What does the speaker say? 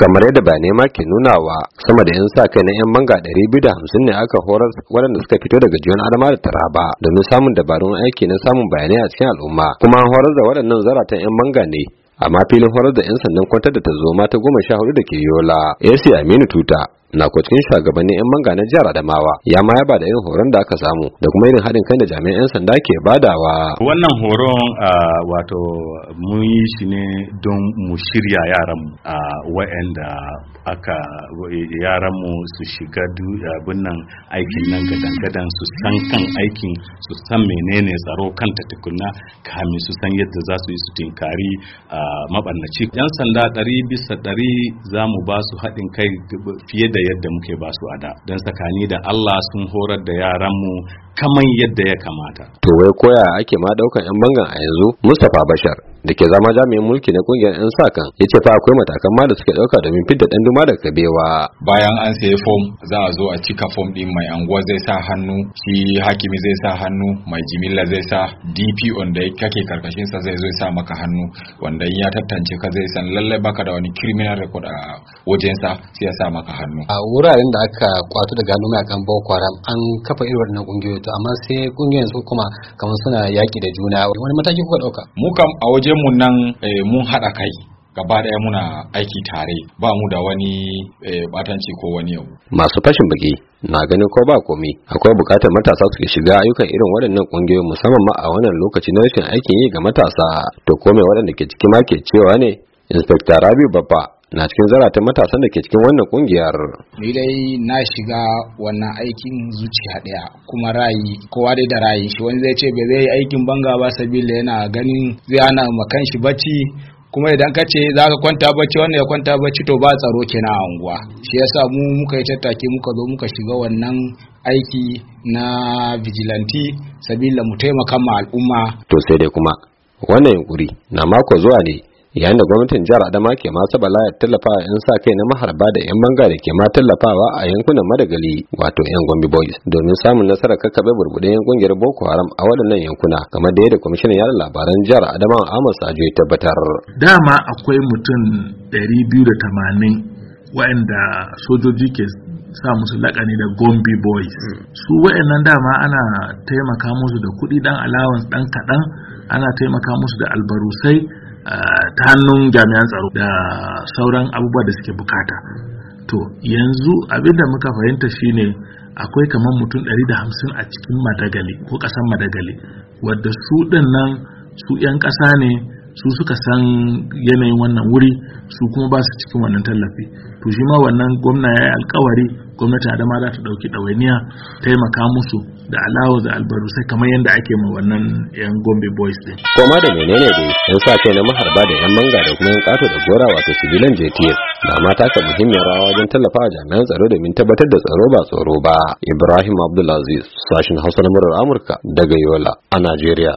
kamar yadda ba nema ke nunawa sama da 'yan sa kai na 'yan manga 250 ne aka horar waɗanda suka fito daga jiyon adama da taraba domin samun dabarun aiki na samun bayanai a cikin al'umma kuma an horar da waɗannan zaratan 'yan manga ne amma filin horar da 'yan sandan kwantar da ta zo ta goma sha hudu da ke yola ac aminu tuta na ko shugabannin yan manga na jihar Adamawa ya ma ya da irin horon da aka samu da kuma irin haɗin kai da jami'an yan sanda ke badawa wannan horon wato mun yi shi ne don mu shirya yaran a wa'anda aka yaran mu su shiga abin nan aikin nan gadan-gadan su san kan aikin su san menene tsaro kan kanta tukunna kamin su san yadda za su yi su tinkari mabannaci yan sanda ɗari bisa ɗari za mu ba su haɗin kai fiye da da yadda muke ba su a da don tsakani da Allah sun horar da yaranmu kamar yadda ya kamata to wai koya ake ma ɗaukan yan bangan a yanzu mustapha bashar da ke zama jami'in mulki na kungiyar 'yan sa kan ya ce fa akwai matakan ma da suka dauka domin fidda dan duma daga kabewa bayan an sayi fom za a zo a cika fom din mai anguwa zai sa hannu shi hakimi zai sa hannu mai jimilla zai sa dp wanda kake karkashin sa zai zo ya sa maka hannu wanda in ya tantance ka zai san lalle baka da wani criminal record a wajen sa sai ya sa maka hannu a wuraren da aka kwato daga hannu mai kan boko haram an kafa irin wannan kungiyoyi to amma sai kungiyar su kuma kamar suna yaki da juna wani mataki kuka dauka mu kam a wajen mu nan eh, mun hada kai gaba daya muna aiki tare ba mu da wani batanci eh, ko wani yau masu fashin baki na ganin ko ba komi akwai bukatar matasa su shiga ayyukan irin waɗannan ƙungiyoyi musamman ma a wannan lokaci na rashin aikin yi ga matasa to kome waɗanda ke ciki ma ke cewa ne inspector rabi babba na cikin zaratan matasan da ke cikin wannan kungiyar. Ni dai na shiga wannan aikin zuciya ɗaya kuma rayi kowa dai da rayi shi wani zai ce ba zai yi aikin banga ba sabila yana ganin zai hana makan shi bacci kuma idan ka ce za ka kwanta bacci wanda ya kwanta bacci to ba tsaro kenan a unguwa shi yasa mu muka yi tattaki muka zo muka shiga wannan aiki na vigilanti sabila mu taimaka ma al'umma to sai dai kuma wannan yunkuri na mako zuwa ne yayin da gwamnatin jihar adama ke masu tallafa tallafawa 'yan sa kai na maharba da 'yan banga da ke ma tallafawa a yankunan madagali wato 'yan gombe boys domin samun nasarar kakkaɓe burbuɗe 'yan kungiyar boko haram a waɗannan yankuna kamar da yadda kwamishinan yada labaran jihar adama ahmad sajo ya tabbatar dama akwai mutum ɗari biyu da tamanin waɗanda sojoji ke sa musu lakani da gombe boys hmm. su wayannan dama ana taimaka musu da kuɗi dan allowance dan kaɗan ana taimaka musu da albarusai ta hannun jami'an tsaro da sauran abubuwa da suke bukata to yanzu abinda muka fahimta shine akwai kamar mutum 150 a cikin madagali ko ƙasan madagali wadda su ɗin nan su 'yan ƙasa ne su suka san yanayin wannan wuri su kuma ba su cikin wannan tallafi to shi ma wannan gwamna ya yi alkawari gwamnati adama za ta ɗauki ɗawainiya taimaka musu da alawo da albarusai kamar yadda ake ma wannan yan gombe boys din. koma da menene ne yan sa kai na maharba da yan manga da kuma yan kato da gora wato sibilan jtf na ma taka muhimmiyar rawa wajen tallafa jami'an tsaro domin tabbatar da tsaro ba tsaro ba ibrahim abdulaziz sashin hausa na murar amurka daga yola a najeriya